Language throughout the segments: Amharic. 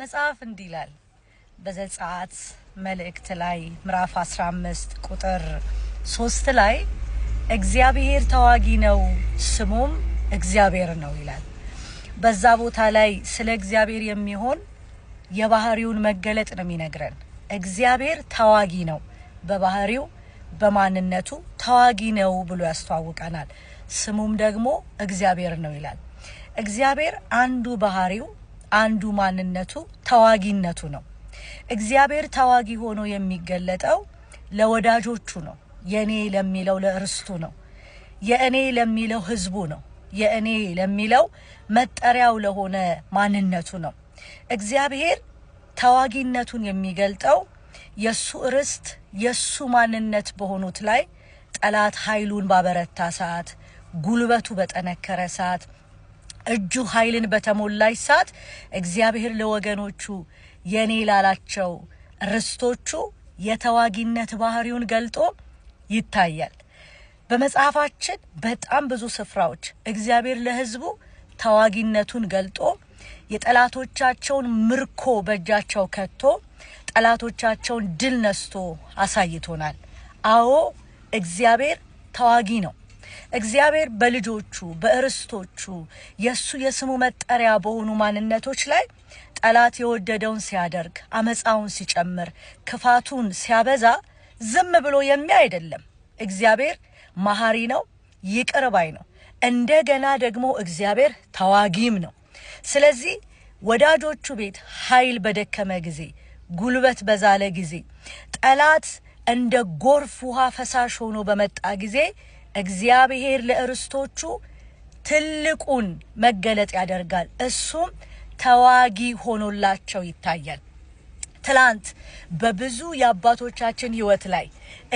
መጽሐፍ እንዲህ ይላል በዘጸአት መልእክት ላይ ምዕራፍ 15 ቁጥር ሶስት ላይ እግዚአብሔር ተዋጊ ነው ስሙም እግዚአብሔር ነው ይላል። በዛ ቦታ ላይ ስለ እግዚአብሔር የሚሆን የባህሪውን መገለጥ ነው የሚነግረን። እግዚአብሔር ተዋጊ ነው፣ በባህሪው በማንነቱ ተዋጊ ነው ብሎ ያስተዋውቀናል። ስሙም ደግሞ እግዚአብሔር ነው ይላል። እግዚአብሔር አንዱ ባህሪው አንዱ ማንነቱ ተዋጊነቱ ነው። እግዚአብሔር ተዋጊ ሆኖ የሚገለጠው ለወዳጆቹ ነው። የእኔ ለሚለው ለእርስቱ ነው። የእኔ ለሚለው ህዝቡ ነው። የእኔ ለሚለው መጠሪያው ለሆነ ማንነቱ ነው። እግዚአብሔር ተዋጊነቱን የሚገልጠው የእሱ ርስት የእሱ ማንነት በሆኑት ላይ ጠላት ኃይሉን ባበረታ ሰዓት፣ ጉልበቱ በጠነከረ ሰዓት እጁ ኃይልን በተሞላች ሰዓት እግዚአብሔር ለወገኖቹ የኔ ላላቸው ርስቶቹ የተዋጊነት ባህሪውን ገልጦ ይታያል። በመጽሐፋችን በጣም ብዙ ስፍራዎች እግዚአብሔር ለሕዝቡ ተዋጊነቱን ገልጦ የጠላቶቻቸውን ምርኮ በእጃቸው ከቶ ጠላቶቻቸውን ድል ነስቶ አሳይቶናል። አዎ እግዚአብሔር ተዋጊ ነው። እግዚአብሔር በልጆቹ በእርስቶቹ የእሱ የስሙ መጠሪያ በሆኑ ማንነቶች ላይ ጠላት የወደደውን ሲያደርግ፣ አመፃውን ሲጨምር፣ ክፋቱን ሲያበዛ ዝም ብሎ የሚያ አይደለም። እግዚአብሔር መሐሪ ነው፣ ይቅርባይ ነው። እንደገና ደግሞ እግዚአብሔር ተዋጊም ነው። ስለዚህ ወዳጆቹ ቤት ኃይል በደከመ ጊዜ፣ ጉልበት በዛለ ጊዜ፣ ጠላት እንደ ጎርፍ ውሃ ፈሳሽ ሆኖ በመጣ ጊዜ እግዚአብሔር ለእርስቶቹ ትልቁን መገለጥ ያደርጋል። እሱም ተዋጊ ሆኖላቸው ይታያል። ትላንት በብዙ የአባቶቻችን ህይወት ላይ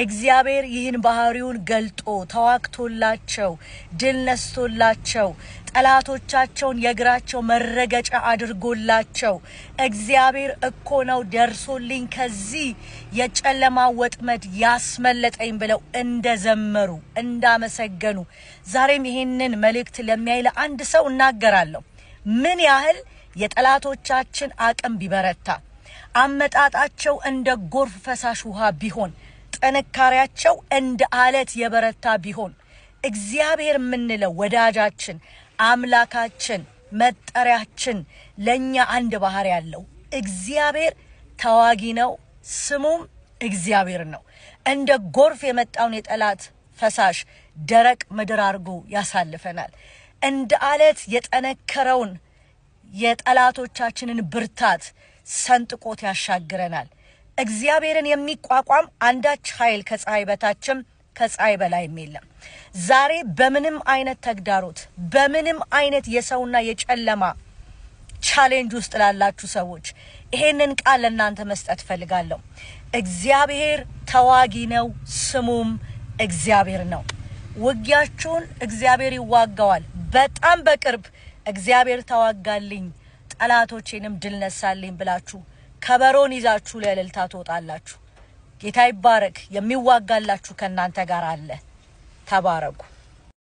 እግዚአብሔር ይህን ባህሪውን ገልጦ ተዋግቶላቸው ድል ነስቶላቸው ጠላቶቻቸውን የእግራቸው መረገጫ አድርጎላቸው እግዚአብሔር እኮ ነው ደርሶልኝ ከዚህ የጨለማ ወጥመድ ያስመለጠኝ ብለው እንደዘመሩ እንዳመሰገኑ ዛሬም ይህንን መልእክት ለሚያይ ለአንድ ሰው እናገራለሁ። ምን ያህል የጠላቶቻችን አቅም ቢበረታ አመጣጣቸው እንደ ጎርፍ ፈሳሽ ውሃ ቢሆን፣ ጥንካሬያቸው እንደ አለት የበረታ ቢሆን እግዚአብሔር የምንለው ወዳጃችን፣ አምላካችን፣ መጠሪያችን ለእኛ አንድ ባህሪ ያለው እግዚአብሔር ተዋጊ ነው፣ ስሙም እግዚአብሔር ነው። እንደ ጎርፍ የመጣውን የጠላት ፈሳሽ ደረቅ ምድር አድርጎ ያሳልፈናል። እንደ አለት የጠነከረውን የጠላቶቻችንን ብርታት ሰንጥቆት ያሻግረናል። እግዚአብሔርን የሚቋቋም አንዳች ኃይል ከፀሐይ በታችም ከፀሐይ በላይም የለም። ዛሬ በምንም አይነት ተግዳሮት፣ በምንም አይነት የሰውና የጨለማ ቻሌንጅ ውስጥ ላላችሁ ሰዎች ይሄንን ቃል ለእናንተ መስጠት እፈልጋለሁ። እግዚአብሔር ተዋጊ ነው፣ ስሙም እግዚአብሔር ነው። ውጊያችሁን እግዚአብሔር ይዋጋዋል። በጣም በቅርብ እግዚአብሔር ተዋጋልኝ ጠላቶቼንም ድል ነሳልኝ ብላችሁ ከበሮን ይዛችሁ ለእልልታ ትወጣላችሁ። ጌታ ይባረክ። የሚዋጋላችሁ ከእናንተ ጋር አለ። ተባረኩ።